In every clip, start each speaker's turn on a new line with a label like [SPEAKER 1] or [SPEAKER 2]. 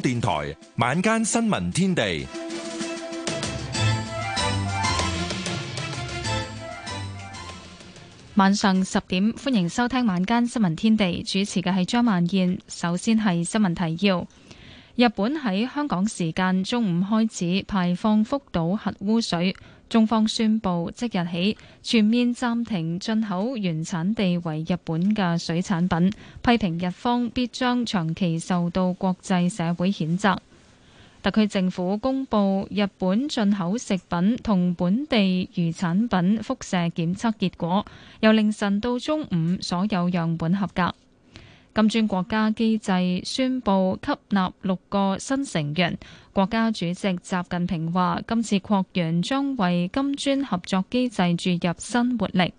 [SPEAKER 1] 電台晚間新聞天地，
[SPEAKER 2] 晚上十點，歡迎收聽晚間新聞天地，主持嘅係張萬燕。首先係新聞提要：日本喺香港時間中午開始排放福島核污水。中方宣佈即日起全面暫停進口原產地為日本嘅水產品，批評日方必將長期受到國際社會譴責。特區政府公布日本進口食品同本地漁產品輻射檢測結果，由凌晨到中午所有樣本合格。金磚國家機制宣布吸納六個新成員，國家主席習近平話：今次擴員將為金磚合作機制注入新活力。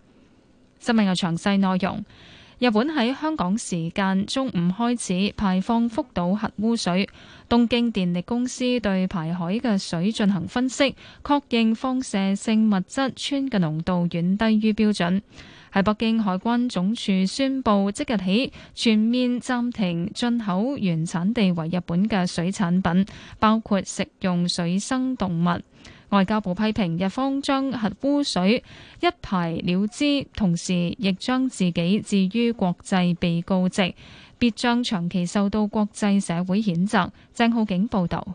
[SPEAKER 2] 新聞嘅詳細內容，日本喺香港時間中午開始排放福島核污水，東京電力公司對排海嘅水進行分析，確認放射性物質氚嘅濃度遠低於標準。喺北京海關總署宣布，即日起全面暫停進口原產地為日本嘅水產品，包括食用水生動物。外交部批評日方將核污水一排了之，同時亦將自己置於國際被告席，必將長期受到國際社會譴責，鄭浩景報道。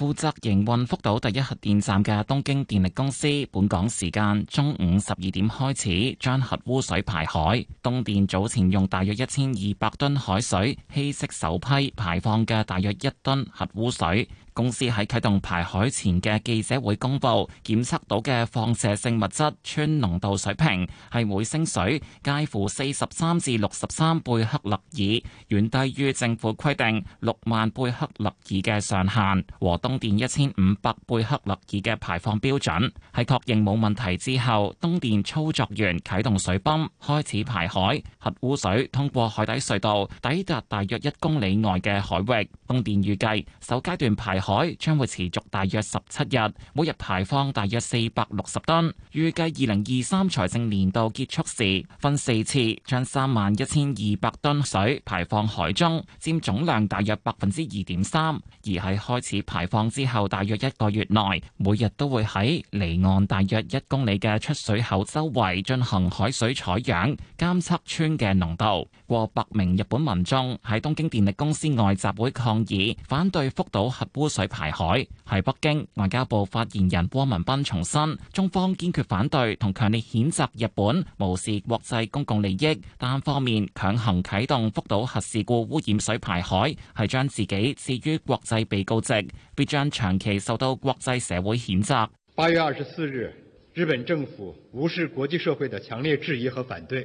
[SPEAKER 3] 負責營運福島第一核電站嘅東京電力公司，本港時間中午十二點開始將核污水排海。東電早前用大約一千二百噸海水稀釋首批排放嘅大約一噸核污水。公司喺啟動排海前嘅記者會公布，檢測到嘅放射性物質氚濃度水平係每升水介乎四十三至六十三貝克勒爾，遠低於政府規定六萬貝克勒爾嘅上限，和東電一千五百貝克勒爾嘅排放標準。喺確認冇問題之後，東電操作員啟動水泵，開始排海核污水，通過海底隧道抵達大約一公里外嘅海域。東電預計首階段排海。海將會持續大約十七日，每日排放大約四百六十噸。預計二零二三財政年度結束時，分四次將三萬一千二百噸水排放海中，佔總量大約百分之二點三。而喺開始排放之後大約一個月內，每日都會喺離岸大約一公里嘅出水口周圍進行海水採樣，監測氚嘅濃度。過百名日本民眾喺東京電力公司外集會抗議，反對福島核污水排海。喺北京，外交部發言人汪文斌重申，中方堅決反對同強烈譴責日本無視國際公共利益，單方面強行啟動福島核事故污染水排海，係將自己置於國際被告席，必將長期受到國際社會譴責。
[SPEAKER 4] 八月二十四日，日本政府無視國際社會嘅強烈質疑和反對。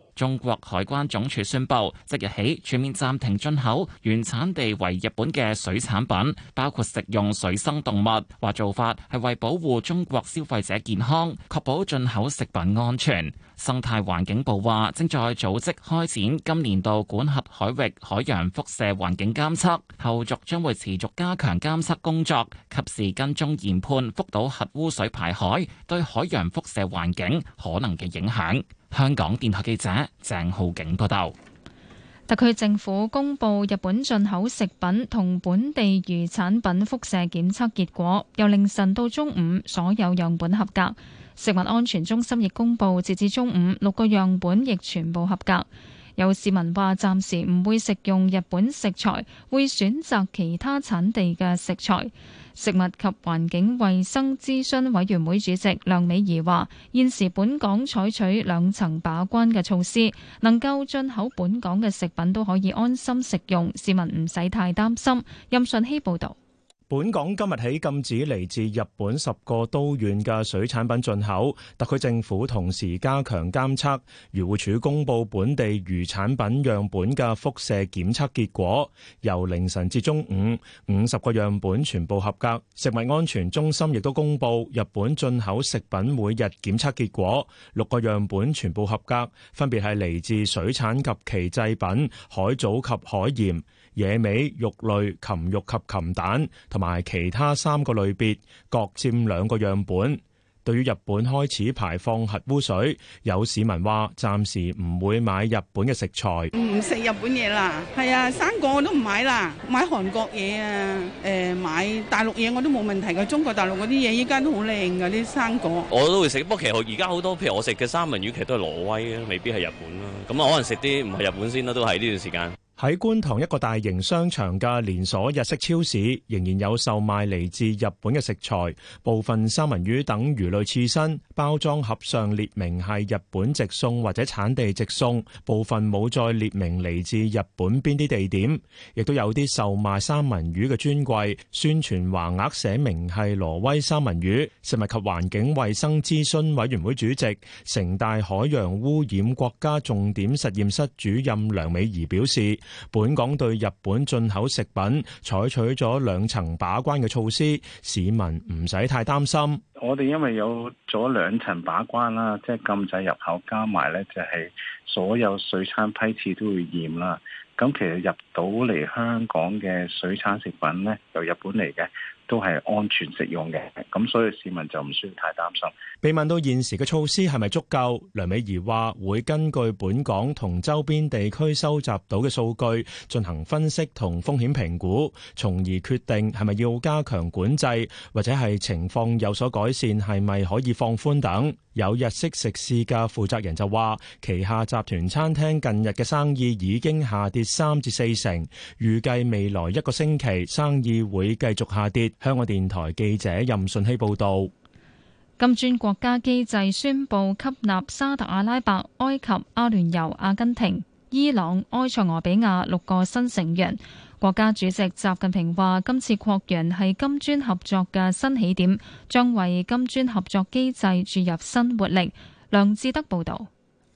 [SPEAKER 3] 中國海關總署宣布，即日起全面暫停進口原產地為日本嘅水產品，包括食用水生動物。話做法係為保護中國消費者健康，確保進口食品安全。生態環境部話，正在組織開展今年度管轄海域海洋輻射環境監測，後續將會持續加強監測工作，及時跟蹤研判福島核污水排海對海洋輻射環境可能嘅影響。香港電台記者鄭浩景報道，
[SPEAKER 2] 特區政府公佈日本進口食品同本地漁產品輻射檢測結果，由凌晨到中午所有樣本合格。食物安全中心亦公佈，截至中午六個樣本亦全部合格。有市民話，暫時唔會食用日本食材，會選擇其他產地嘅食材。食物及環境衞生諮詢委員會主席梁美儀話：現時本港採取兩層把關嘅措施，能夠進口本港嘅食品都可以安心食用，市民唔使太擔心。任信希報導。
[SPEAKER 1] 本港今日起禁止嚟自日本十個都縣嘅水產品進口，特區政府同時加強監測，漁護署公布本地漁產品樣本嘅輻射檢測結果，由凌晨至中午五十個樣本全部合格。食物安全中心亦都公布日本進口食品每日檢測結果，六個樣本全部合格，分別係嚟自水產及其製品、海藻及海鹽。野味、肉類、禽肉及禽蛋，同埋其他三個類別各佔兩個樣本。對於日本開始排放核污水，有市民話：暫時唔會買日本嘅食材，唔
[SPEAKER 5] 食日本嘢啦。係啊，生果我都唔買啦，買韓國嘢啊，誒、呃、買大陸嘢我都冇問題嘅。中國大陸嗰啲嘢依家都好靚㗎，啲生果我
[SPEAKER 4] 都會食。不過其實而家好多譬如我食嘅三文魚，其實都係挪威嘅，未必係日本啦。咁啊，我可能食啲唔係日本先啦，都係呢段時間。
[SPEAKER 1] 喺觀塘一個大型商場嘅連鎖日式超市，仍然有售賣嚟自日本嘅食材，部分三文魚等魚類刺身包裝盒上列明係日本直送或者產地直送，部分冇再列明嚟自日本邊啲地點。亦都有啲售賣三文魚嘅專櫃，宣傳橫額寫明係挪威三文魚。食物及環境衞生諮詢委員會主席、城大海洋污染國家重點實驗室主任梁美儀表示。本港對日本進口食品採取咗兩層把關嘅措施，市民唔使太擔心。
[SPEAKER 4] 我哋因為有咗兩層把關啦，即係禁止入口，加埋咧就係所有水產批次都會驗啦。咁其實入到嚟香港嘅水產食品咧，由日本嚟嘅。都係安全食用嘅，咁所以市民就唔需
[SPEAKER 1] 要太擔心。被問到現時嘅措施係咪足夠，梁美儀話會根據本港同周邊地區收集到嘅數據進行分析同風險評估，從而決定係咪要加強管制，或者係情況有所改善係咪可以放寬等。有日式食肆嘅負責人就話旗下集團餐廳近日嘅生意已經下跌三至四成，預計未來一個星期生意會繼續下跌。香港電台記者任順熙報道：
[SPEAKER 2] 金磚國家機制宣布吸納沙特阿拉伯、埃及、阿聯酋、阿根廷、伊朗、埃塞俄比亞六個新成員。國家主席習近平話：今次擴員係金磚合作嘅新起點，將為金磚合作機制注入新活力。梁志德報道。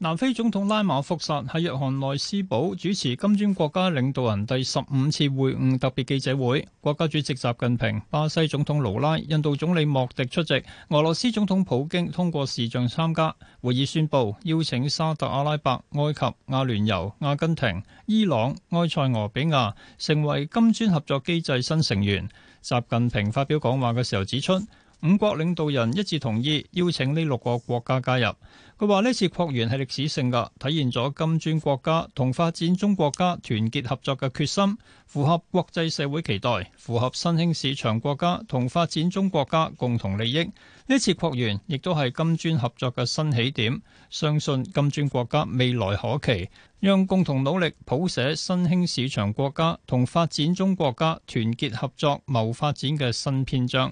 [SPEAKER 6] 南非總統拉馬福薩喺約翰內斯堡主持金磚國家領導人第十五次會晤特別記者會，國家主席習近平、巴西總統盧拉、印度總理莫迪出席，俄羅斯總統普京通過視像參加會議，宣布邀請沙特阿拉伯、埃及、阿聯酋、阿根廷、伊朗、埃塞俄比亞成為金磚合作機制新成員。習近平發表講話嘅時候指出。五國領導人一致同意邀請呢六個國家加入。佢話呢次擴員係歷史性嘅，體現咗金磚國家同發展中國家團結合作嘅決心，符合國際社會期待，符合新興市場國家同發展中國家共同利益。呢次擴員亦都係金磚合作嘅新起點，相信金磚國家未來可期，讓共同努力譜寫新興市場國家同發展中國家團結合作謀發展嘅新篇章。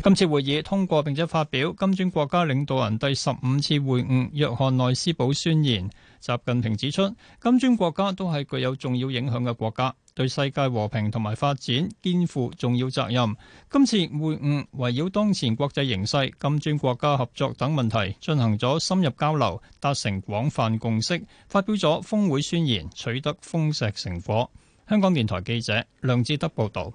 [SPEAKER 6] 今次會議通過並且發表金磚國家領導人第十五次會晤《約翰內斯堡宣言》。習近平指出，金磚國家都係具有重要影響嘅國家，對世界和平同埋發展肩負重要責任。今次會晤圍繞當前國際形勢，金磚國家合作等問題進行咗深入交流，達成廣泛共識，發表咗峰會宣言，取得豐碩成果。香港電台記者梁志德報道。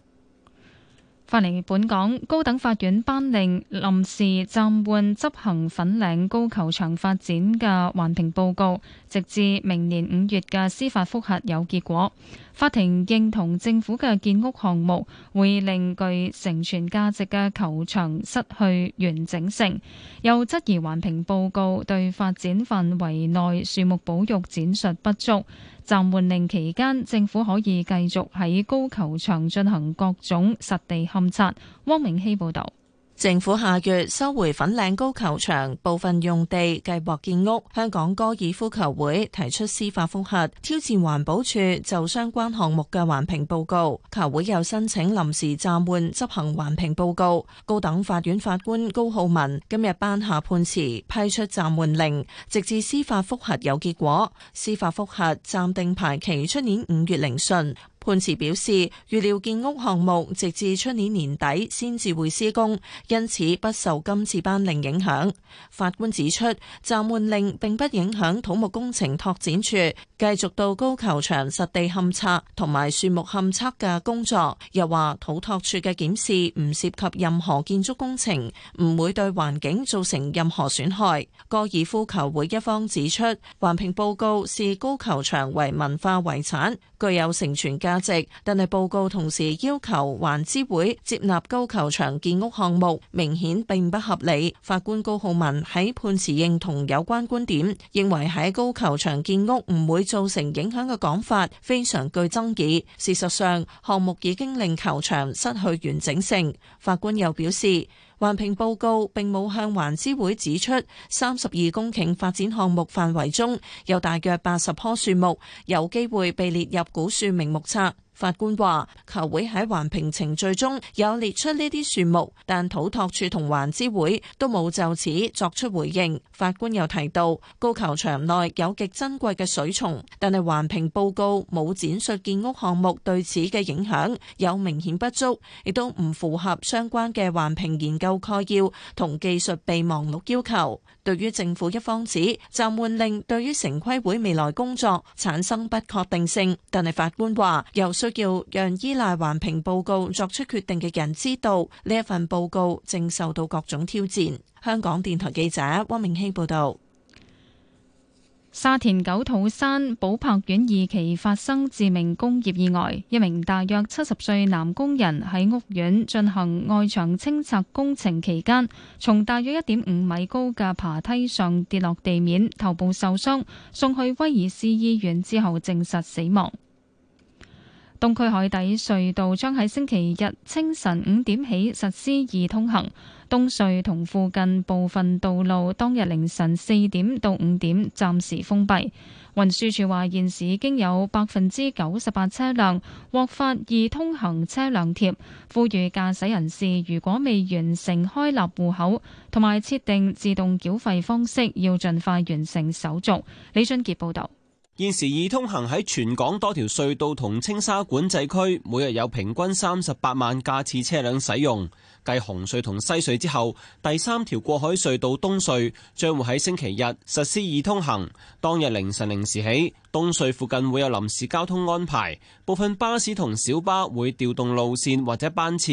[SPEAKER 2] 返嚟本港高等法院頒令臨時暫緩執行粉嶺高球場發展嘅環評報告。直至明年五月嘅司法覆核有結果，法庭認同政府嘅建屋項目會令具成全價值嘅球場失去完整性，又質疑環評報告對發展範圍內樹木保育闡述不足。暫緩令期間，政府可以繼續喺高球場進行各種實地勘察。汪明希報道。政府下月收回粉嶺高球場部分用地，計劃建
[SPEAKER 5] 屋。香港哥爾夫球會提出司法覆核，挑戰環保署就相關項目嘅環評報告。球會又申請臨時暫緩執行環評報告。高等法院法官高浩文今日頒下判詞，批出暫緩令，直至司法覆核有結果。司法覆核暫定排期出年五月聆訊。判詞表示，預料建屋項目直至出年年底先至會施工，因此不受今次班令影響。法官指出，暫緩令並不影響土木工程拓展處繼續到高球場實地勘測同埋樹木勘測嘅工作。又話土拓處嘅檢視唔涉及任何建築工程，唔會對環境造成任何損害。高爾夫球會一方指出，環評報告視高球場為文化遺產。具有承傳價值，但係報告同時要求環諮會接納高球場建屋項目，明顯並不合理。法官高浩文喺判詞認同有關觀點，認為喺高球場建屋唔會造成影響嘅講法非常具爭議，事實上，項目已經令球場失去完整性。法官又表示。環評報告並冇向環諮會指出，三十二公頃發展項目範圍中有大約八十棵樹木有機會被列入古樹名木冊。法官話：球會喺環評程序中有列出呢啲樹木，但土托處同環諮會都冇就此作出回應。法官又提到，高球場內有極珍貴嘅水松，但係環評報告冇展述建屋項目對此嘅影響，有明顯不足，亦都唔符合相關嘅環評研究概要同技術備忘錄要求。對於政府一方指，暫緩令對於城規會未來工作產生不確定性，但係法官話又需要讓依賴環評報告作出決定嘅人知道呢一份報告正受到各種挑戰。香港電台記者汪明希報導。
[SPEAKER 2] 沙田九肚山寶柏苑二期發生致命工業意外，一名大約七十歲男工人喺屋苑進行外牆清拆工程期間，從大約一點五米高嘅爬梯上跌落地面，頭部受傷，送去威爾斯醫院之後證實死亡。東區海底隧道將喺星期日清晨五點起實施易通行。東隧同附近部分道路，當日凌晨四點到五點暫時封閉。運輸署話，現時已經有百分之九十八車輛獲發易通行車輛貼，呼籲駕駛人士，如果未完成開立戶口同埋設定自動繳費方式，要盡快完成手續。李俊杰報道，
[SPEAKER 7] 現時易通行喺全港多條隧道同青沙管制區，每日有平均三十八萬架次車輛使用。.繼紅隧同西隧之後，第三條過海隧道東隧將會喺星期日實施易通行。當日凌晨零時起，東隧附近會有臨時交通安排，部分巴士同小巴會調動路線或者班次。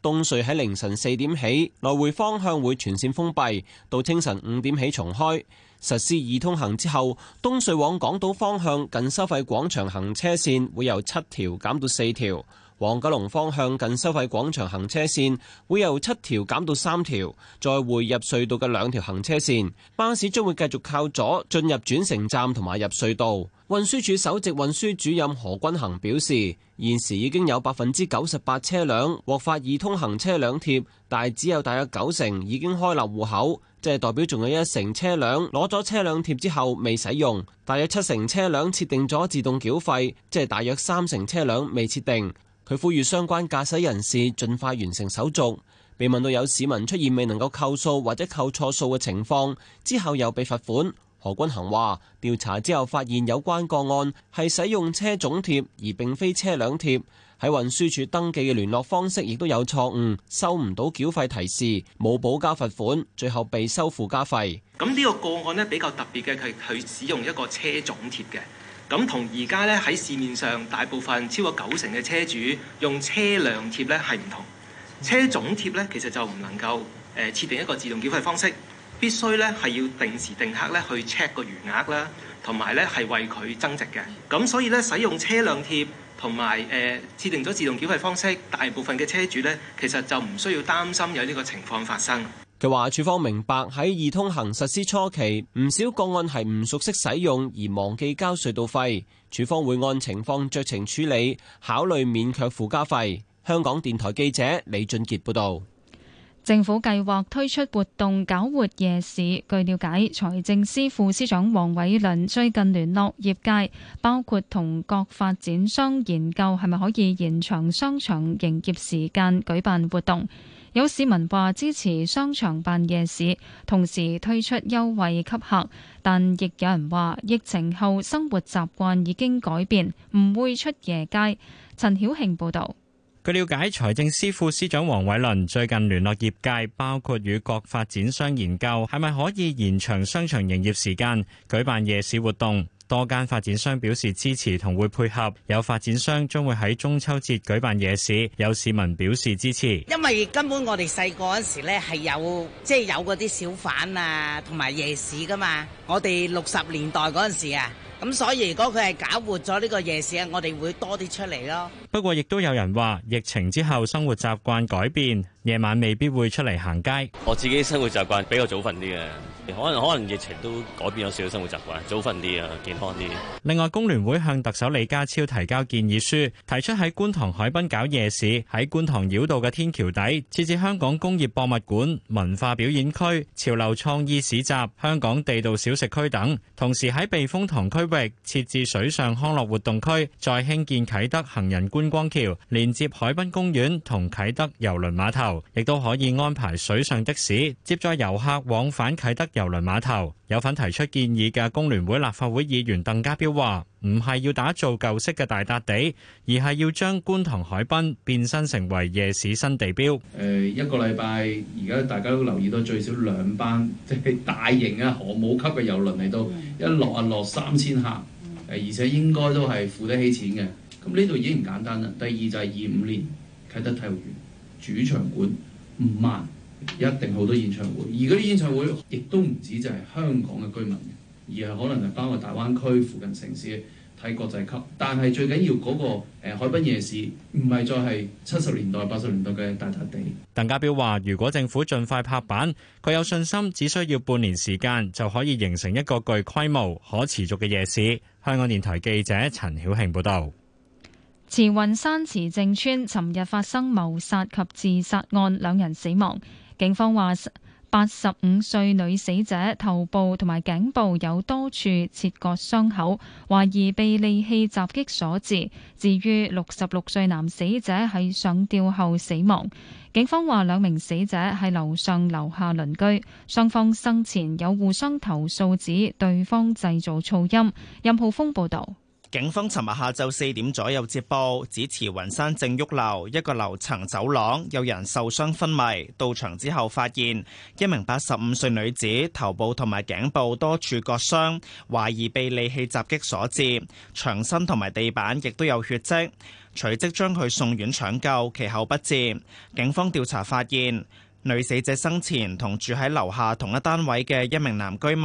[SPEAKER 7] 東隧喺凌晨四點起，來回方向會全線封閉，到清晨五點起重開。實施易通行之後，東隧往港島方向近收費廣場行車線會由七條減到四條。往九龍方向近收費廣場行車線會由七條減到三條，再匯入隧道嘅兩條行車線，巴士將會繼續靠左進入轉乘站同埋入隧道。運輸署首席運輸主任何君衡表示，現時已經有百分之九十八車輛獲發易通行車輛貼，但只有大約九成已經開立戶口，即係代表仲有一成車輛攞咗車輛貼之後未使用，大約七成車輛設定咗自動繳費，即係大約三成車輛未設定。佢呼籲相關駕駛人士盡快完成手續。被問到有市民出現未能夠扣數或者扣錯數嘅情況之後又被罰款，何君衡話：調查之後發現有關個案係使用車種貼而並非車輛貼，喺運輸署登記嘅聯絡方式亦都有錯誤，收唔到繳費提示，冇補交罰款，最後被收附加費。
[SPEAKER 1] 咁呢個個案呢，比較特別嘅係佢使用一個車種貼嘅。咁同而家咧喺市面上大部分超過九成嘅車主用車輛貼咧，係唔同車種貼咧，其實就唔能夠誒、呃、設定一個自動繳費方式，必須咧係要定時定刻咧去 check 個餘額啦，同埋咧係為佢增值嘅。咁所以咧使用車輛貼同埋誒設定咗自動繳費方式，大部分嘅車主咧其實就唔需要擔心有呢個情況發生。
[SPEAKER 7] 佢話：署方明白喺易通行實施初期，唔少個案係唔熟悉使用而忘記交隧道費，署方會按情況酌情處理，考慮免卻附加費。香港電台記者李俊傑報導。
[SPEAKER 2] 政府計劃推出活動，搞活夜市。據了解，財政司副司長黃偉綸最近聯絡業界，包括同各發展商研究係咪可以延長商場營業時間，舉辦活動。有市民話支持商場辦夜市，同時推出優惠給客，但亦有人話疫情後生活習慣已經改變，唔會出夜街。陳曉慶報導。
[SPEAKER 4] 據了解，財政司副司長黃偉綸最近聯絡業界，包括與各發展商研究，係咪可以延長商場營業時間，舉辦夜市活動？多間發展商表示支持同會配合，有發展商將會喺中秋節舉辦夜市，有市民表示支持。
[SPEAKER 8] 因為根本我哋細個嗰時呢，係有即係有嗰啲小販啊同埋夜市噶嘛，我哋六十年代嗰陣時啊，咁所以如果佢係搞活咗呢個夜市啊，我哋會多啲出嚟咯。
[SPEAKER 4] 不過亦都有人話，疫情之後生活習慣改變。夜晚未必會出嚟行街。我自己生活習慣比較早瞓啲嘅，可能可能疫情都改變咗少少生活習慣，早瞓啲啊，健康啲。另外，工聯會向特首李家超提交建議書，提出喺觀塘海濱搞夜市，喺觀塘繞道嘅天橋底設置香港工業博物館、文化表演區、潮流創意市集、香港地道小食區等，同時喺避風塘區域設置水上康樂活動區，再興建啟德行人觀光橋，連接海濱公園同啟德郵輪碼頭。亦都可以安排水上的士接載遊客往返啟德郵輪碼頭。有份提出建議嘅工聯會立法會議員鄧家彪話，唔係要打造舊式嘅大笪地，而係要將觀塘海濱變身成為夜市新地標。
[SPEAKER 6] 誒，一個禮拜
[SPEAKER 1] 而家大家都留意到最少兩班即係大型嘅航母級嘅郵輪嚟到，一落啊落三千客，誒而且應該都係付得起錢嘅。咁呢度已經唔簡單啦。第二就係二五年啟德體育園。主場館唔慢，五萬，一定好多演唱會，而嗰啲演唱會亦都唔止就係香港嘅居民，而係可能係包括大灣區附近城市睇國際級，但係最緊要嗰個
[SPEAKER 6] 誒，海濱夜市唔係再係七十年代八十年代嘅大笪地。
[SPEAKER 4] 鄧家彪話，如果政府盡快拍板，佢有信心只需要半年時間就可以形成一個具規模、可持續嘅夜市。香港電台記者陳曉慶報道。
[SPEAKER 2] 慈雲山慈正村尋日發生謀殺及自殺案，兩人死亡。警方話，八十五歲女死者頭部同埋頸部有多處切割傷口，懷疑被利器襲擊所致。至於六十六歲男死者係上吊後死亡。警方話，兩名死者係樓上樓下鄰居，雙方生前有互相投訴指對方製造噪音。任浩峰報導。
[SPEAKER 8] 警方尋日下晝四點左右接報，指慈雲山正旭樓一個樓層走廊有人受傷昏迷。到場之後發現一名八十五歲女子頭部同埋頸部多處割傷，懷疑被利器襲擊所致。牆身同埋地板亦都有血跡，隨即將佢送院搶救，其後不治。警方調查發現，女死者生前同住喺樓下同一單位嘅一名男居民，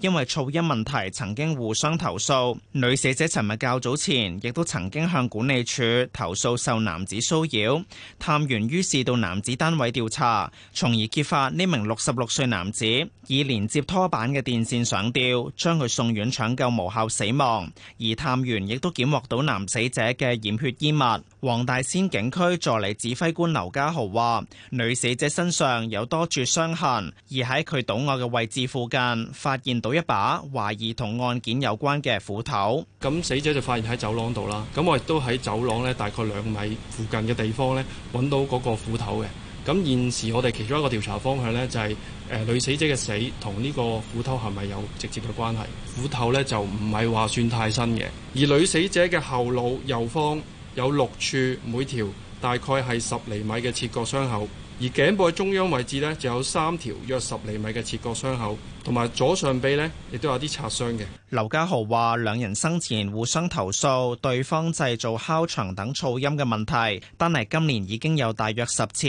[SPEAKER 8] 因為噪音問題曾經互相投訴。女死者尋日較早前亦都曾經向管理處投訴受男子騷擾。探員於是到男子單位調查，從而揭發呢名六十六歲男子以連接拖板嘅電線上吊，將佢送院搶救無效死亡。而探員亦都檢獲到男死者嘅染血衣物。黃大仙警區助理指揮官劉家豪話：女死者身。上有多處傷痕，而喺佢倒卧嘅位置附近，發現到一把
[SPEAKER 6] 懷疑同案件有關嘅斧頭。咁死者就發現喺走廊度啦。咁我亦都喺走廊呢大概兩米附近嘅地方呢揾到嗰個斧頭嘅。咁現時我哋其中一個調查方向呢、就係，就係誒女死者嘅死同呢個斧頭係咪有直接嘅關係？斧頭呢就唔係話算太新嘅，而女死者嘅後腦右方有六處每條大概係十厘米嘅切割傷口。而頸部中央位置呢，就有三條約十厘米嘅切割傷口，同埋左上臂呢，亦都有啲
[SPEAKER 8] 擦傷嘅。劉家豪話：兩人生前互相投訴對方製造敲牆等噪音嘅問題，單係今年已經有大約十次，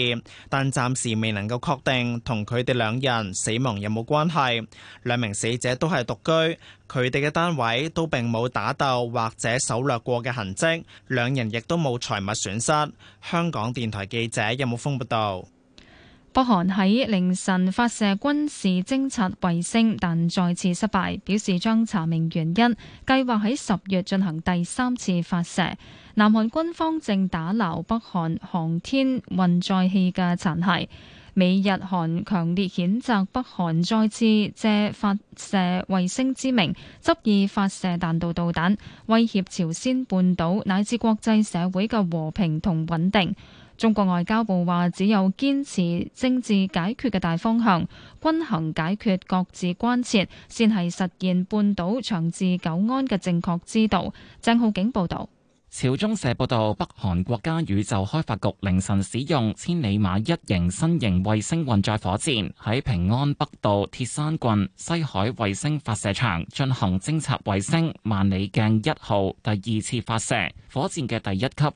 [SPEAKER 8] 但暫時未能夠確定同佢哋兩人死亡有冇關係。兩名死者都係獨居，佢哋嘅單位都並冇打鬥或者搜掠過嘅痕跡，兩人亦都冇財物損失。香港電台記者任木峯報道。
[SPEAKER 2] 北韓喺凌晨發射軍事偵察衛星，但再次失敗，表示將查明原因，計劃喺十月進行第三次發射。南韓軍方正打撈北韓航天運載器嘅殘骸。美日韓強烈譴責北韓再次借發射衛星之名，執意發射彈道導彈，威脅朝鮮半島乃至國際社會嘅和平同穩定。中國外交部話：只有堅持政治解決嘅大方向，均衡解決各自關切，先係實現半島長治久安嘅正確之道。鄭浩景報道。
[SPEAKER 3] 朝中社報道，北韓國家宇宙開發局凌晨使用千里馬一型新型衛星運載火箭，喺平安北道鐵山郡西海衛星發射場進行偵察衛星萬里鏡一號第二次發射。火箭嘅第一級、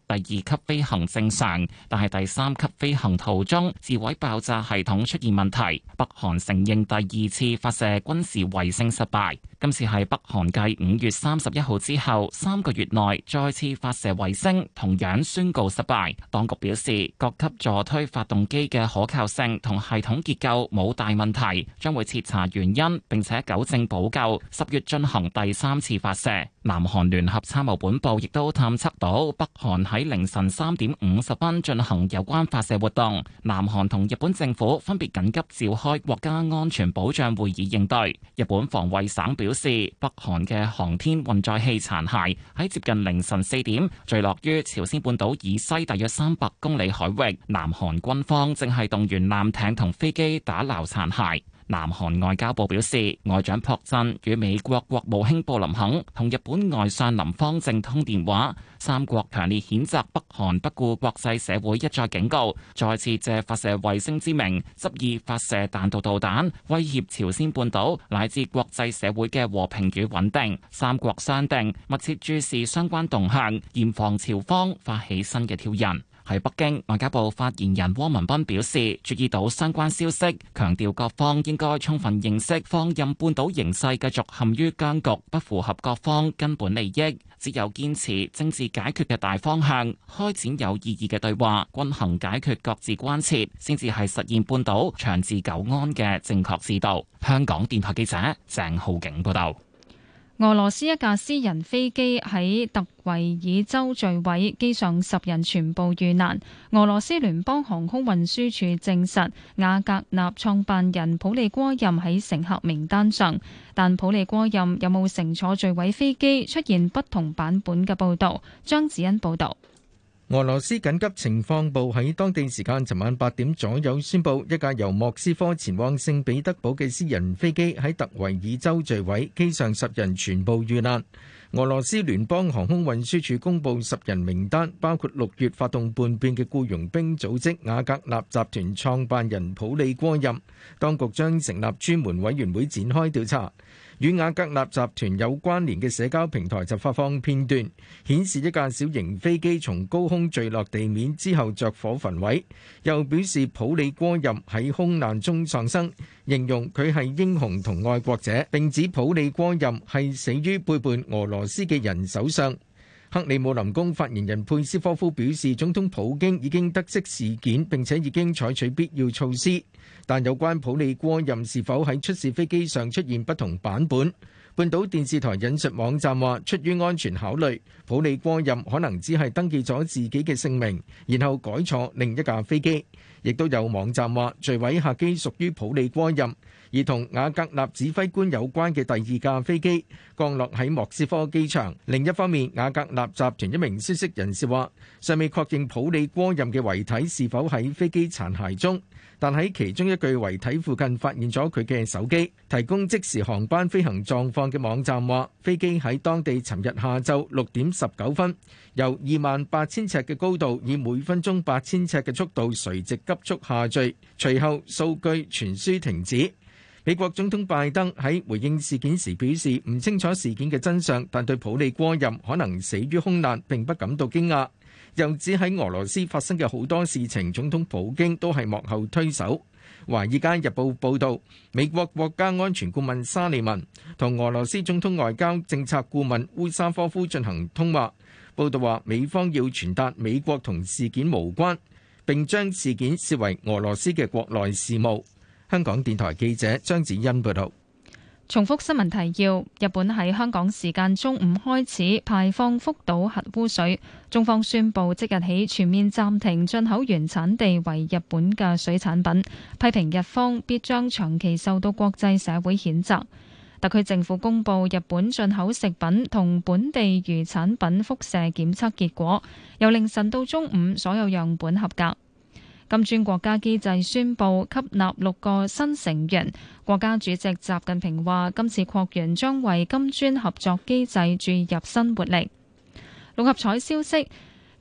[SPEAKER 3] 第二級飛行正常，但係第三級飛行途中自毀爆炸系統出現問題。北韓承認第二次發射軍事衛星失敗。今次係北韓繼五月三十一號之後三個月內再次發射衛星同樣宣告失敗。當局表示，各級助推發動機嘅可靠性同系統結構冇大問題，將會徹查原因，並且糾正補救。十月進行第三次發射。南韓聯合參謀本部亦都探測到北韓喺凌晨三點五十分進行有關發射活動，南韓同日本政府分別緊急召開國家安全保障會議應對。日本防衛省表示，北韓嘅航天運載器殘骸喺接近凌晨四點墜落於朝鮮半島以西大約三百公里海域，南韓軍方正係動員艦艇同飛機打撈殘骸。南韓外交部表示，外長朴振與美國國務卿布林肯同日本外相林芳正通電話，三國強烈譴責北韓不顧國際社會一再警告，再次借發射衛星之名，執意發射彈道導彈，威脅朝鮮半島乃至國際社會嘅和平與穩定。三國商定密切注視相關動向，嚴防朝方發起新嘅挑釁。喺北京，外交部發言人汪文斌表示，注意到相關消息，強調各方應該充分認識放任半島形勢繼續陷於僵局，不符合各方根本利益。只有堅持政治解決嘅大方向，開展有意義嘅對話，均衡解決各自關切，先至係實現半島長治久安嘅正確之道。香港電台記者鄭浩景報道。
[SPEAKER 2] 俄羅斯一架私人飛機喺特維爾州墜毀，機上十人全部遇難。俄羅斯聯邦航空運輸處證實，雅格納創辦人普利戈任喺乘客名單上，但普利戈任有冇乘坐墜毀飛機，出現不同版本嘅報道。張子欣報道。
[SPEAKER 9] 俄羅斯緊急情況部喺當地時間尋晚八點左右宣布，一架由莫斯科前往聖彼得堡嘅私人飛機喺特維爾州墜毀，機上十人全部遇難。俄羅斯聯邦航空運輸署公布十人名單，包括六月發動叛變嘅僱傭兵組織瓦格納集團創辦人普利戈任。當局將成立專門委員會展開調查。與瓦格納集團有關聯嘅社交平台就發放片段，顯示一架小型飛機從高空墜落地面之後著火焚毀，又表示普里戈任喺空難中喪生，形容佢係英雄同愛國者，並指普里戈任係死於背叛俄羅斯嘅人手上。克里姆林宮發言人佩斯科夫表示，總統普京已經得悉事件，並且已經採取必要措施。但有關普里戈任是否喺出事飛機上出現不同版本，半島電視台引述網站話，出於安全考慮，普里戈任可能只係登記咗自己嘅姓名，然後改坐另一架飛機。亦都有網站話，墜毀客機屬於普里戈任。而同瓦格納指揮官有關嘅第二架飛機降落喺莫斯科機場。另一方面，瓦格納集團一名消息人士話：尚未確認普里戈任嘅遺體是否喺飛機殘骸中，但喺其中一具遺體附近發現咗佢嘅手機。提供即時航班飛行狀況嘅網站話：飛機喺當地尋日下晝六點十九分，由二萬八千尺嘅高度以每分鐘八千尺嘅速度垂直急速下墜，隨後數據傳輸停止。美國總統拜登喺回應事件時表示，唔清楚事件嘅真相，但對普里戈任可能死於空難並不感到驚訝。又指喺俄羅斯發生嘅好多事情，總統普京都係幕後推手。《華爾街日報》報道，美國國家安全顧問沙利文同俄羅斯總統外交政策顧問烏沙科夫進行通話。報道話，美方要傳達美國同事件無關，並將事件視為俄羅斯嘅國內事務。香港電台記者張子欣報道：
[SPEAKER 2] 重複新聞提要，日本喺香港時間中午開始排放福島核污水，中方宣布即日起全面暫停進口原產地為日本嘅水產品，批評日方必將長期受到國際社會譴責。特區政府公布日本進口食品同本地漁產品輻射檢測結果，由凌晨到中午所有樣本合格。金磚國家機制宣布吸納六個新成員。國家主席習近平話：今次擴員將為金磚合作機制注入新活力。六合彩消息，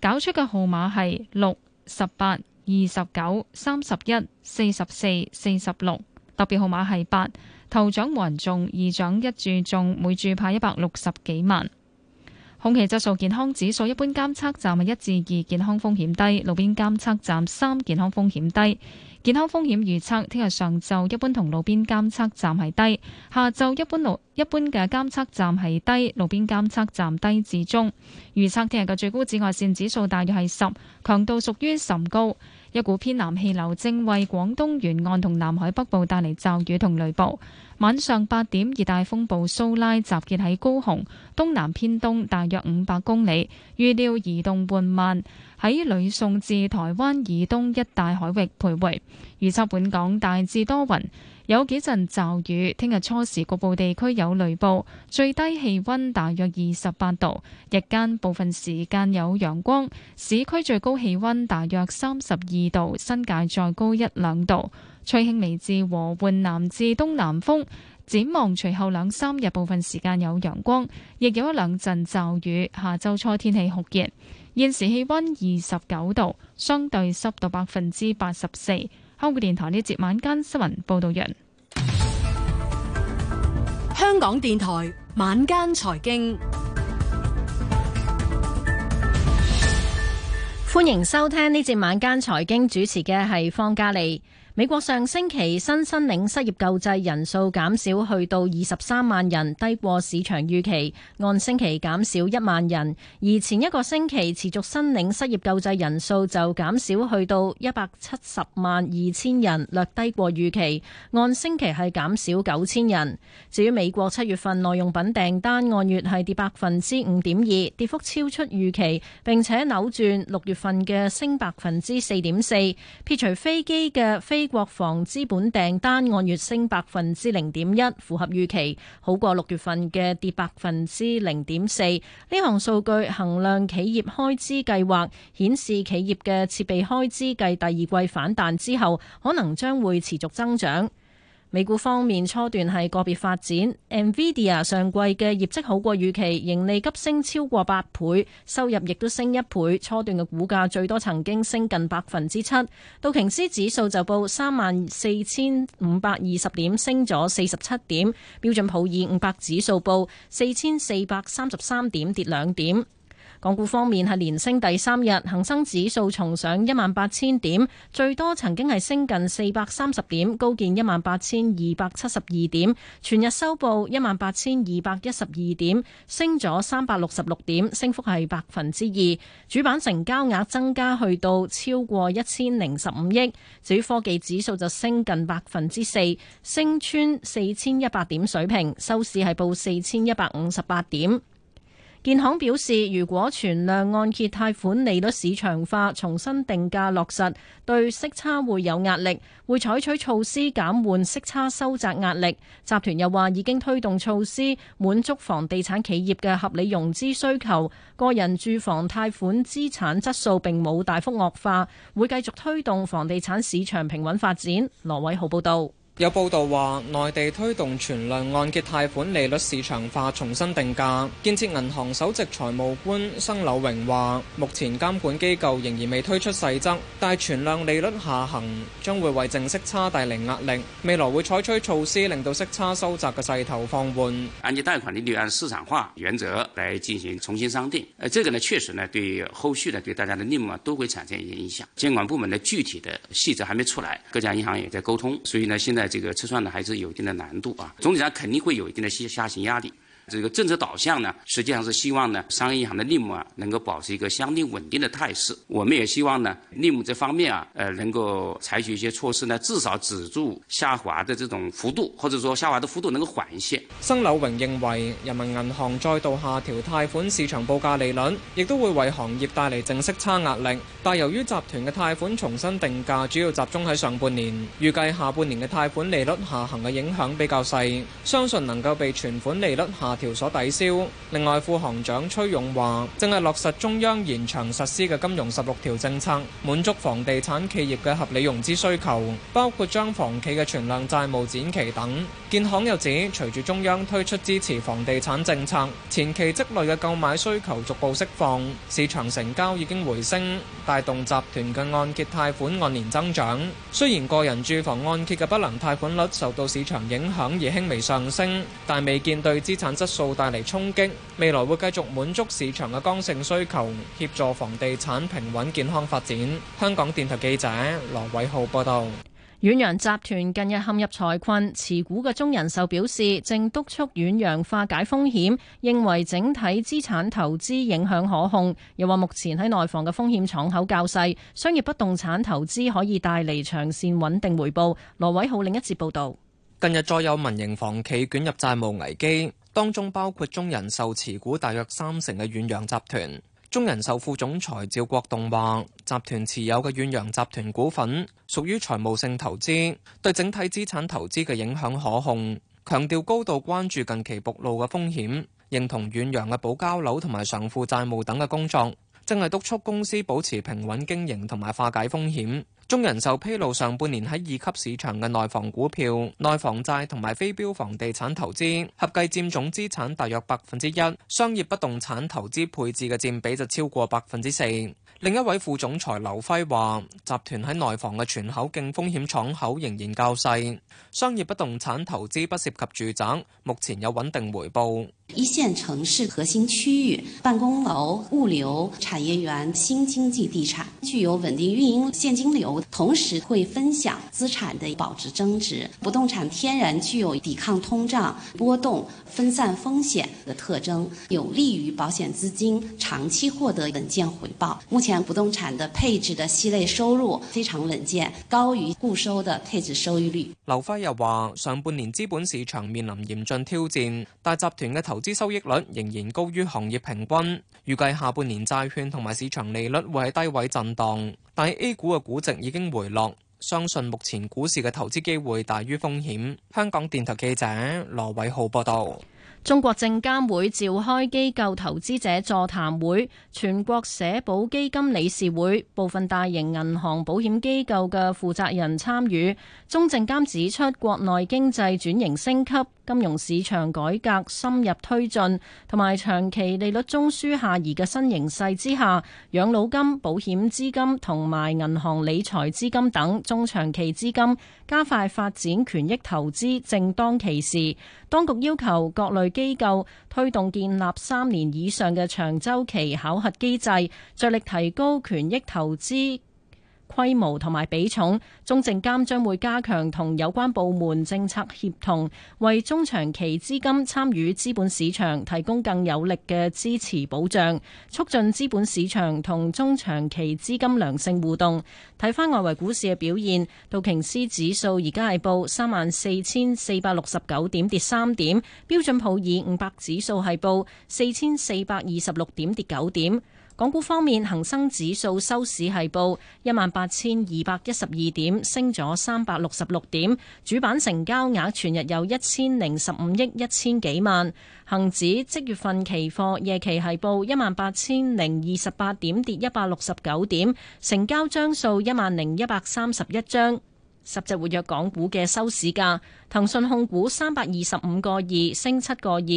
[SPEAKER 2] 搞出嘅號碼係六、十八、二十九、三十一、四十四、四十六，特別號碼係八。頭獎無人中，二獎一注中，每注派一百六十幾萬。空氣質素健康指數一般監測站係一至二，健康風險低；路邊監測站三，健康風險低。健康風險預測聽日上晝一般同路邊監測站係低，下晝一般路一般嘅監測站係低，路邊監測站低至中。預測聽日嘅最高紫外線指數大約係十，強度屬於甚高。一股偏南氣流正為廣東沿岸同南海北部帶嚟驟雨同雷暴。晚上八點，熱帶風暴蘇拉集結喺高雄東南偏東大約五百公里，預料移動緩慢，喺呂宋至台灣以東一帶海域徘徊。預測本港大致多雲。有幾陣驟雨，聽日初時局部地區有雷暴，最低氣温大約二十八度，日間部分時間有陽光，市區最高氣温大約三十二度，新界再高一兩度，吹輕微至和緩南至東南風。展望隨後兩三日部分時間有陽光，亦有一兩陣驟雨，下周初天氣酷熱。現時氣温二十九度，相對濕度百分之八十四。香港電台呢節晚間新聞報道員。香港電台
[SPEAKER 10] 晚間財經，歡迎收聽呢節晚間財經，主持嘅係方嘉莉。美國上星期新申領失業救濟人數減少去到二十三萬人，低過市場預期，按星期減少一萬人。而前一個星期持續申領失業救濟人數就減少去到一百七十萬二千人，略低過預期，按星期係減少九千人。至於美國七月份耐用品訂單按月係跌百分之五點二，跌幅超出預期，並且扭轉六月份嘅升百分之四點四，撇除飛機嘅飛，國防資本訂單按月升百分之零點一，符合預期，好過六月份嘅跌百分之零點四。呢項數據衡量企業開支計劃，顯示企業嘅設備開支繼第二季反彈之後，可能將會持續增長。美股方面，初段係個別發展。Nvidia 上季嘅業績好過預期，盈利急升超過八倍，收入亦都升一倍。初段嘅股價最多曾經升近百分之七。道瓊斯指數就報三萬四千五百二十點，升咗四十七點。標準普爾五百指數報四千四百三十三點，跌兩點。港股方面係連升第三日，恒生指數重上一萬八千點，最多曾經係升近四百三十點，高見一萬八千二百七十二點，全日收報一萬八千二百一十二點，升咗三百六十六點，升幅係百分之二。主板成交額增加去到超過一千零十五億。至於科技指數就升近百分之四，升穿四千一百點水平，收市係報四千一百五十八點。建行表示，如果存量按揭貸款利率市場化重新定價落實，對息差會有壓力，會採取措施減緩息差收窄壓力。集團又話已經推動措施，滿足房地產企業嘅合理融資需求，個人住房貸款資產質素並冇大幅惡化，會繼續推動房地產市場平穩發展。羅偉豪報道。
[SPEAKER 11] 有報道話，內地推動存量按揭貸款利率市場化重新定價。建設銀行首席財務官生柳榮話：目前監管機構仍然未推出細則，但存量利率下行將會為淨息差帶嚟壓力。未來會採取措施，令到息差收窄嘅勢頭放緩。
[SPEAKER 3] 按揭貸款利率按市場化原則來進行重新商定，而這個呢確實呢對後續呢對大家的利率都會產生一些影響。監管部門的具體的細則還沒出來，各家銀行也在溝通，所以呢，現在。這個測算呢，還是有一定的難度啊。總體上肯定會有一定的下下行壓力。這個政策導向呢，實際上是希望呢，商業銀行的利母啊，能夠保持一個相對穩定的態勢。我們也希望呢，利母這方面啊，呃，能夠採取一些措施呢，至少止住下滑的這種幅度，或者說下滑的幅度能夠緩一些。
[SPEAKER 11] 曾柳榮認為，人民銀行再度下調貸款市場報價利率，亦都會為行業帶嚟淨息差壓力。但由於集團嘅貸款重新定價主要集中喺上半年，預計下半年嘅貸款利率下行嘅影響比較細，相信能夠被存款利率下條所抵消。另外，副行長崔勇話：正係落實中央延長實施嘅金融十六條政策，滿足房地產企業嘅合理融資需求，包括將房企嘅存量債務展期等。建行又指，隨住中央推出支持房地產政策，前期積累嘅購買需求逐步釋放，市場成交已經回升，帶動集團嘅按揭貸款按年增長。雖然個人住房按揭嘅不良貸款率受到市場影響而輕微上升，但未見對資產素帶嚟衝擊，未來會繼續滿足市場嘅剛性需求，協助房地產平穩健康發展。香港電台記者羅偉浩報道。
[SPEAKER 10] 遠洋集團近日陷入財困，持股嘅中人壽表示正督促遠洋化解風險，認為整體資產投資影響可控。又話目前喺內房嘅風險敞口較細，商業不動產投資可以帶嚟長線穩定回報。羅偉浩另一節報道。
[SPEAKER 11] 近日再有民營房企捲入債務危機。當中包括中人壽持股大約三成嘅遠洋集團。中人壽副總裁趙國棟話，集團持有嘅遠洋集團股份屬於財務性投資，對整體資產投資嘅影響可控。強調高度關注近期暴露嘅風險，認同遠洋嘅保交樓同埋償付債務等嘅工作，正係督促公司保持平穩經營同埋化解風險。中人壽披露，上半年喺二級市場嘅內房股票、內房債同埋非標房地產投資合計占總資產大約百分之一，商業不動產投資配置嘅佔比就超過百分之四。另一位副總裁劉輝話，集團喺內房嘅全口徑風險敞口仍然較細，商業不動產投資不涉及住宅，目前有穩定回報。
[SPEAKER 12] 一綫城市核心區域辦公樓、物流產業園、新經濟地產，具有穩定運營現金流，同時會分享資產的保值增值。不動產天然具有抵抗通脹波動、分散風險的特徵，有利於保險資金長期獲得穩健回報。目前不動產的配置的息類收入非常穩健，高於固收的配置收益率。
[SPEAKER 11] 劉輝又話，上半年資本市場面臨嚴峻挑戰，大集團嘅投投資收益率仍然高於行業平均，預計下半年債券同埋市場利率會喺低位震盪，但係 A 股嘅估值已經回落，相信目前股市嘅投資機會大於風險。香港電台記者羅偉浩報道。
[SPEAKER 10] 中國證監會召開機構投資者座談會，全國社保基金理事會、部分大型銀行、保險機構嘅負責人參與。中證監指出，國內經濟轉型升級，金融市場改革深入推進，同埋長期利率中樞下移嘅新形勢之下，養老金、保險資金同埋銀行理財資金等中長期資金加快發展權益投資，正當其時。當局要求各類機構推動建立三年以上嘅長週期考核機制，着力提高權益投資規模同埋比重，中證監將會加強同有關部門政策協同，為中長期資金參與資本市場提供更有力嘅支持保障，促進資本市場同中長期資金良性互動。睇翻外圍股市嘅表現，道瓊斯指數而家係報三萬四千四百六十九點，跌三點；標準普爾五百指數係報四千四百二十六點，跌九點。港股方面，恒生指數收市係報一萬八千二百一十二點，升咗三百六十六點。主板成交額全日有一千零十五億一千幾萬。恒指即月份期貨夜期係報一萬八千零二十八點，跌一百六十九點，成交張數一萬零一百三十一張。十隻活躍港股嘅收市價：騰訊控股三百二十五個二，升七個二；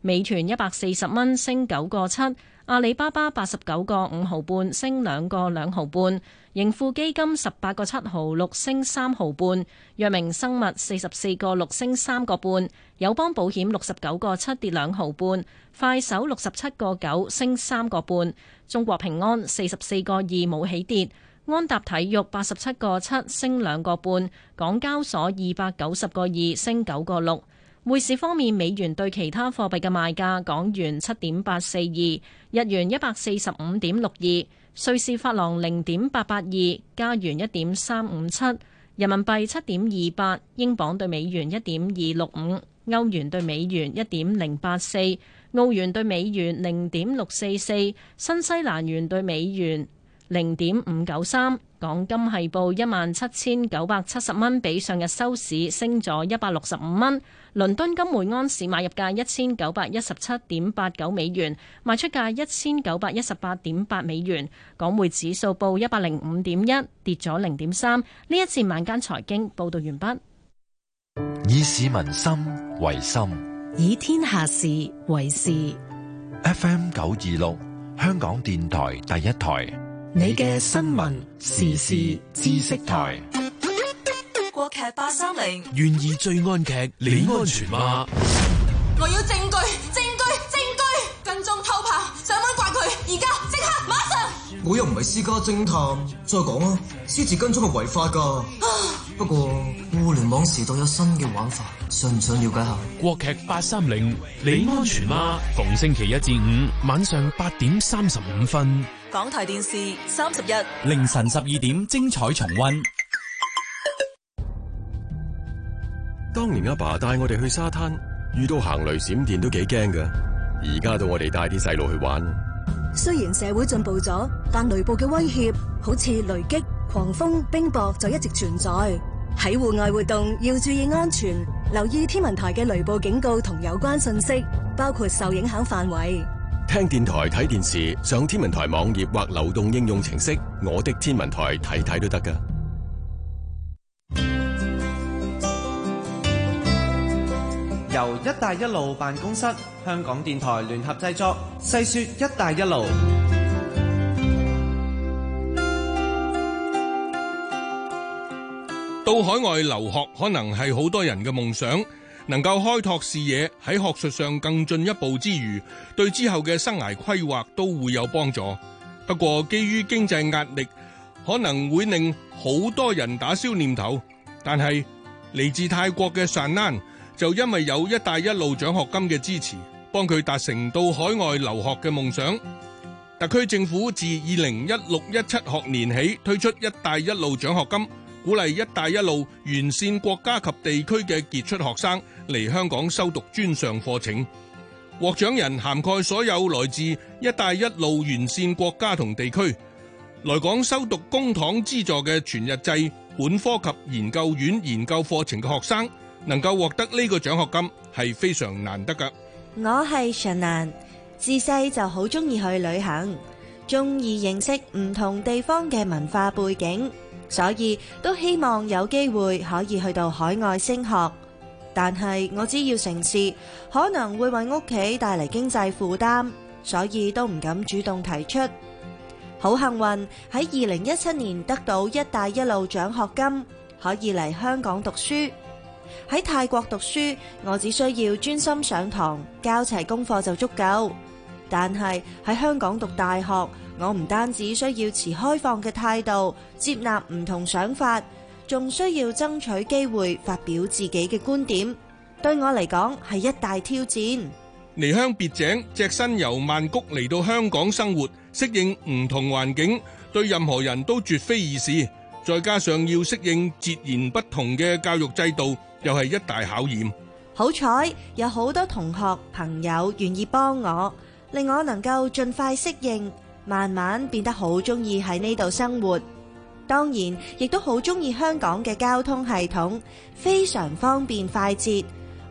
[SPEAKER 10] 美團一百四十蚊，升九個七。.阿里巴巴八十九個五毫半，升兩個兩毫半；盈富基金十八個七毫六，升三毫半；藥明生物四十四個六，升三個半；友邦保險六十九個七，跌兩毫半；快手六十七個九，升三個半；中國平安四十四個二，冇起跌；安踏體育八十七個七，升兩個半；港交所二百九十個二，升九個六。匯市方面，美元對其他貨幣嘅賣價：港元七點八四二，日元一百四十五點六二，瑞士法郎零點八八二，加元一點三五七，人民幣七點二八，英鎊對美元一點二六五，歐元對美元一點零八四，澳元對美元零點六四四，新西蘭元對美元。零點五九三，港金係報一萬七千九百七十蚊，比上日收市升咗一百六十五蚊。倫敦金每安士買入價一千九百一十七點八九美元，賣出價一千九百一十八點八美元。港匯指數報一百零五點一，跌咗零點三。呢一次晚間財經報道完畢，
[SPEAKER 9] 以市民心為心，
[SPEAKER 10] 以天下事為事。
[SPEAKER 9] F.M. 九二六，香港電台第一台。
[SPEAKER 10] 你嘅新聞時事
[SPEAKER 9] 知識台，
[SPEAKER 10] 國劇八三
[SPEAKER 12] 零，
[SPEAKER 1] 懸疑罪案劇，你安全嗎？
[SPEAKER 12] 我要證據，證據，
[SPEAKER 5] 證據，跟蹤偷拍，上網怪佢，而家即刻馬上。
[SPEAKER 1] 我又唔係私家偵探，再講啊，私自跟蹤係違法噶。 不過互聯網時代有新嘅玩法，想唔想了解下？國劇八三零，你安全嗎？八三零，你安全嗎？逢星期一至五晚上八點三十五分。
[SPEAKER 5] 港台電視三十一
[SPEAKER 13] 凌晨十二點精彩重溫。當年阿爸帶我哋去沙灘，遇到行雷閃電都幾驚噶而家到我哋帶啲細路去玩。
[SPEAKER 12] 雖然社會進步咗，但雷暴嘅威脅好似雷擊、狂風、冰雹就一直存在。喺戶外活動要注意安全，留意天文台嘅雷暴警告同有關信息，包括受影響範圍。
[SPEAKER 13] 聽電台、睇電視、上天文台網頁或流動應用程式，我的天文台睇睇都得㗎。看看
[SPEAKER 11] 由“一帶一路”辦公室、香港電
[SPEAKER 13] 台聯合製作，細說“一帶一路”。到海外留學可能係好多人嘅夢想。能夠開拓視野，喺學術上更進一步之餘，對之後嘅生涯規劃都會有幫助。不過，基於經濟壓力，可能會令好多人打消念頭。但係，嚟自泰國嘅善恩就因為有一帶一路獎學金嘅支持，幫佢達成到海外留學嘅夢想。特區政府自二零一六一七學年起推出一帶一路獎學金。鼓勵一帶一路沿線國家及地區嘅傑出學生嚟香港修讀專上課程。獲獎人涵蓋所有來自一帶一路沿線國家同地區來港修讀公帑資助嘅全日制本科及研究院研究課程嘅學生，能夠獲得呢個獎學金係非常難得㗎。
[SPEAKER 12] 我係常蘭，自細就好中意去旅行，中意認識唔同地方嘅文化背景。所以都希望有機會可以去到海外升學，但係我只要成事，可能會為屋企帶嚟經濟負擔，所以都唔敢主動提出。好幸運喺二零一七年得到一帶一路獎學金，可以嚟香港讀書。喺泰國讀書，我只需要專心上堂，交齊功課就足夠。但係喺香港讀大學。我唔單止需要持開放嘅態度接納唔同想法，仲需要爭取機會發表自己嘅觀點，對我嚟講係一大挑戰。
[SPEAKER 13] 離鄉別井，隻身由曼谷嚟到香港生活，適應唔同環境，對任何人都絕非易事。再加上要適應截然不同嘅教育制度，又係一大考驗。
[SPEAKER 12] 好彩有好多同學、朋友願意幫我，令我能夠盡快適應。慢慢變得好中意喺呢度生活，當然亦都好中意香港嘅交通系統，非常方便快捷，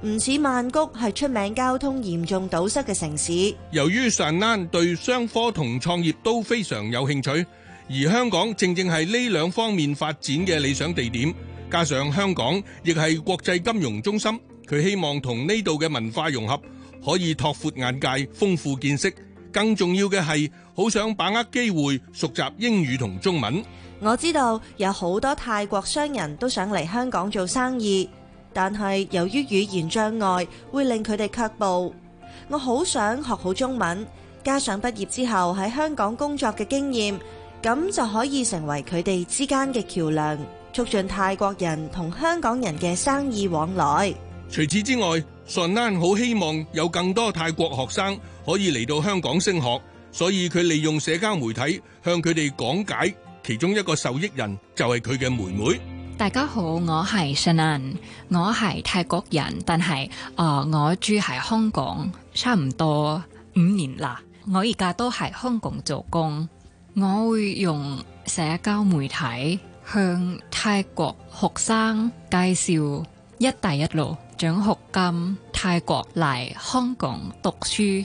[SPEAKER 12] 唔似曼谷係出名交通嚴重堵塞嘅
[SPEAKER 13] 城市。由於尚恩對商科同創業都非常有興趣，而香港正正係呢兩方面發展嘅理想地點，加上香港亦係國際金融中心，佢希望同呢度嘅文化融合，可以拓闊眼界，豐富見識。更重要嘅係，好想把握機會熟習英語同中文。
[SPEAKER 12] 我知道有好多泰國商人都想嚟香港做生意，但係由於語言障礙，會令佢哋卻步。我好想學好中文，加上畢業之後喺香港工作嘅經驗，咁就可以成為佢哋之間嘅橋樑，促進泰國人同香港人嘅生意往來。
[SPEAKER 13] 除此之外，順安好希望有更多泰國學生可以嚟到香港升學，所以佢利用社交媒體向佢哋講解。其中一個受益人就係佢嘅妹妹。
[SPEAKER 2] 大家好，我係順安，我係泰國人，但係哦，我住喺香港差唔多五年啦。我而家都喺香港做工，我會用社交媒體向泰國學生介紹一帶一路。獎學金，泰國嚟香港讀書。